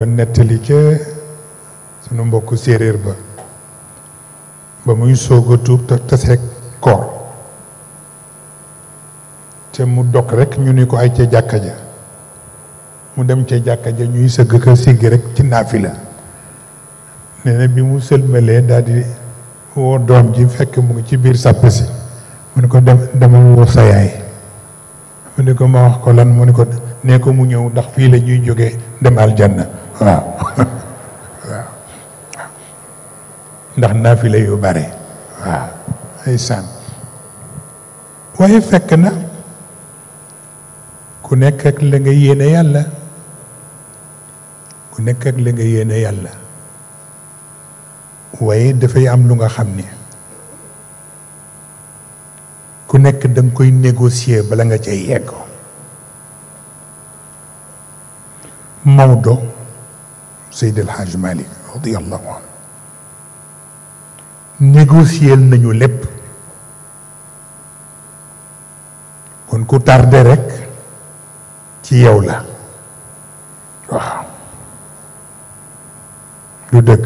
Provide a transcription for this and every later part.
doon nettali ca sunu mbokk séeréer ba ba muy soog a tuub te tase koor te mu dog rekk ñu ni ko ay ca jàkka ja mu dem ca jàkka ja ñuy sëgg ka siggi rek ci naafila nee na bi mu sëlmalee daadi di woo doom ji fekk mu ngi ci biir sàpp si mu ne ko dem demal woo sa yaay mu ne ko ma wax ko lan mu ne ko nee ko mu ñëw ndax fii la ñuy jógee dem aljanna waaw waaw ndax naafila yu bare waaw ay saan waaye fekk na ku nekk ak la nga yéene yàlla ku nekk ak la nga yéene yàlla waaye dafay am lu nga xam ni ku nekk danga koy négocier bala nga cay yegg Maodo Seydi El Hadj Malick radiallahu anhu négocier nañu lépp kon ku tardé rek ci yow la waaw lu dëgg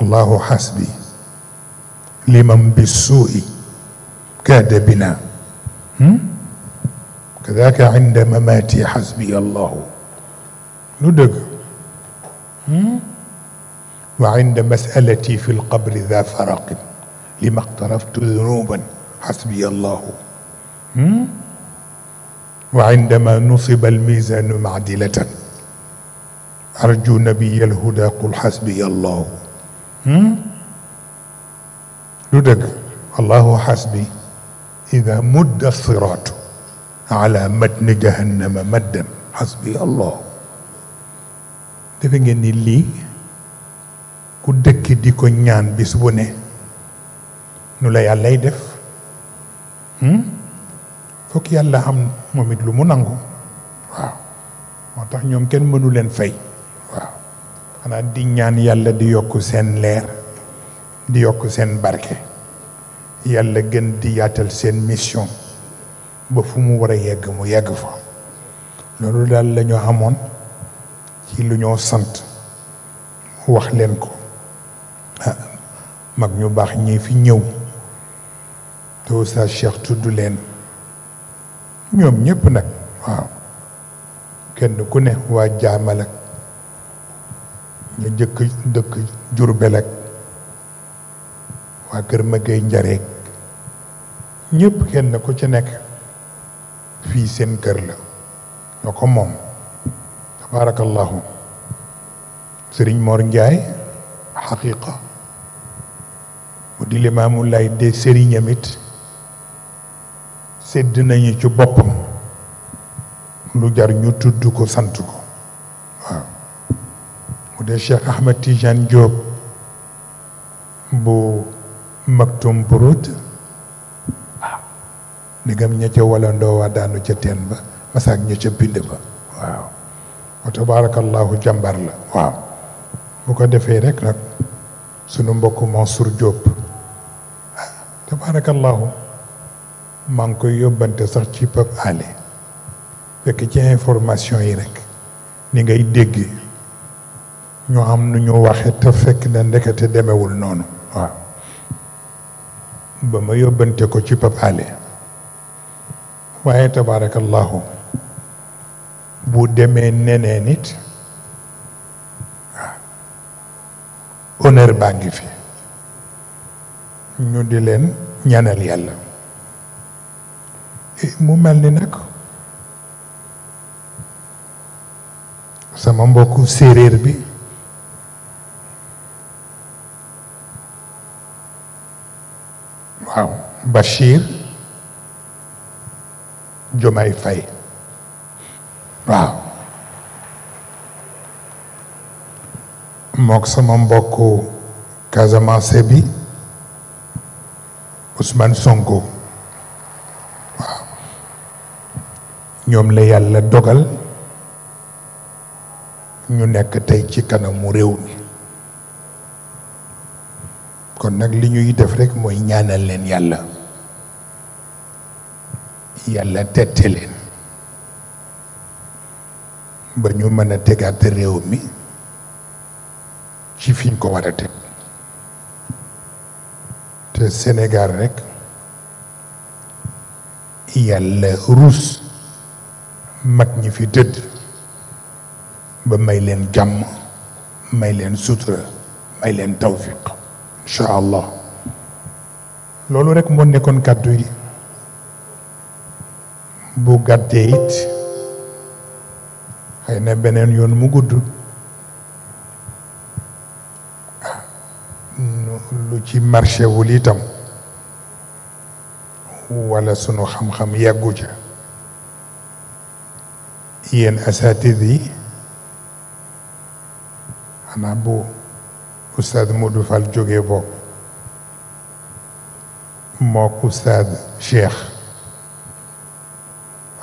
allahu xasbi limam bi suui kaada bina kadaaka inda mamaati xasbiya allahu lu dëgg wa inda masalati fi lqabri da faraqin lima xtaraftu dunuban xasbiya allahu wa indama nusiba almizaanu maadilatan arju nabiya alhuda qul xasbiya allahu lu dëgg allahu xasbi ida mudda siraatu ala matni jahannama maddan xasbi allah defe ngeen ni lii ku dëkk di ko ñaan bis bu ne nu la yàllay def hmm? fokk yàlla am moom it lu mu nangu waaw moo tax ñoom kenn mënu leen fay waaw xanaa di ñaan yàlla di yokk seen leer di yokk seen barke yàlla gën di yaatal seen mission ba fu mu war a yegg mu yegg fa loolu daal lañu amoon ci lu ñoo sant wax leen ko mag ñu baax ñii fi ñëw te Oustaz Cheikh tudd leen ñoom ñëpp nag waaw kenn ku ne waa jaamal ak ñu jëkk dëkk Jurbel ak waa kër Magay Njareeg ñëpp kenn ku ci nekk fii seen kër la ñoo ko moom tabarakallahu sëriñ Mor Njaay xaqiqa mu di limaamu lay de sëriñam it sedd nañu ci boppam lu jar ñu tudd ko sant ko waaw dee Cheikh Ahmed Tidiane Diop bu Maktoum Buruut ndegam ña ca wala ndoowa daanu ca teen ba masaak ña ca bind ba waaw wa tabarakallahu jàmbar la waaw bu ko defee rek nag sunu mbokk Mansour Diop tabarakallahu maa ngi koy yóbbante sax ci Pape Alé fekk ci information yi rek ni ngay dégg ñoo am nu ñu waxe fekk na ndekete demewul noonu waaw ba ma yóbbante ko ci Pape Alé waaye tabaarakallaahu bu demee nenee nit waaw honneur baa ngi fi ñu di leen ñaanal yàlla eh, mu mel ni nag sama mbokku séeréer bi waaw Bachir Diomaye Faye waaw mook sama mbokku Casamance bi Ousmane Sonko waaw ñoom la yàlla dogal ñu nekk tey ci kanamu réew mi kon nag li ñuy def rek mooy ñaanal leen yàlla yàlla tette leen ba ñu mën a tegaat réew mi ci fiñ ko war a teg te Sénégal rekk yàlla ruus mag ñi fi tëdd ba may leen jàmm may leen sutura may leen tawfiq incha allah loolu rekk moo nekkoon kàddu yi bu gàttee it na beneen yoon mu gudd lu ci marché wulitam itam wala sunu xam-xam yàggu ca yéen asatid yi xanaa bu oustaz Modou Fall jógee bokk mook oustaz Cheikh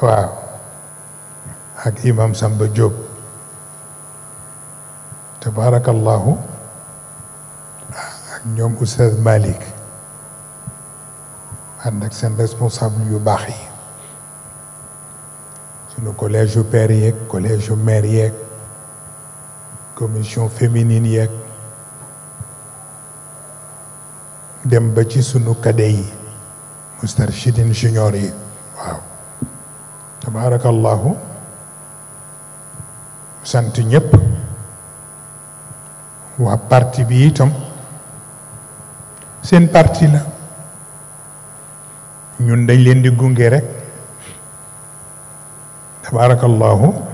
waaw ak imam Samba Diop tabarakallahu ak ñoom oustaz Malick ànd seen responsable yu baax yi sunu collège yu père yeeg collège yu mère yeeg commission féminine yeeg dem ba ci sunu cadet yi mustarchidine junior yi waaw tabaarakallaahu sant ñëpp waa parti bi seen parti la ñun dañ leen di gungere rek tabaarakallaahu